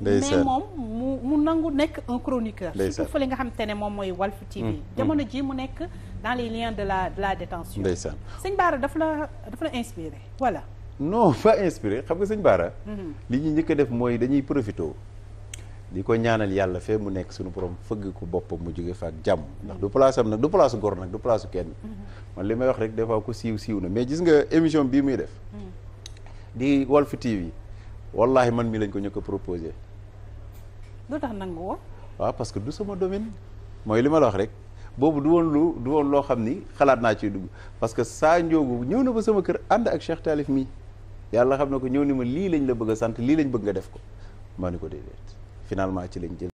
mais moom mu nangu nekk un chroniqueur surtout fële nga xamante ne moom mooy Walf TV mm. jamono mm. ji mu nekk dans les liens de la de la détention ndeysaan sëñ Baara dafa la dafa la inspiré voilà non pas inspiré xam nga sëñ Baara mm-hmm. li ñu njëkk a def mooy dañuy profité di ko ñaanal yàlla fee mu nekk suñu borom fëgg ko boppam mu jóge fa ak jàmm ndax du place am nag du place gor nag du place kenn mm-hmm. man li may wax rek des ko siiw siiw na mais gis nga émission muy def mm. di Walf TV wallahi man mi lañ ko ko proposé lu tax nangu woo waaw parce que du sama domaine mooy li ma la wax rek boobu du woon lu du woon loo xam ni xalaat naa ciy dugg parce que saa njoogu ñëw na ba sama kër ànd ak Cheikh Talif mii yàlla xam na ko ñëw ni ma lii lañ la bëgg a sant lii lañ bëgg nga def ko maa ni ko déedéet finalement ci lañ jël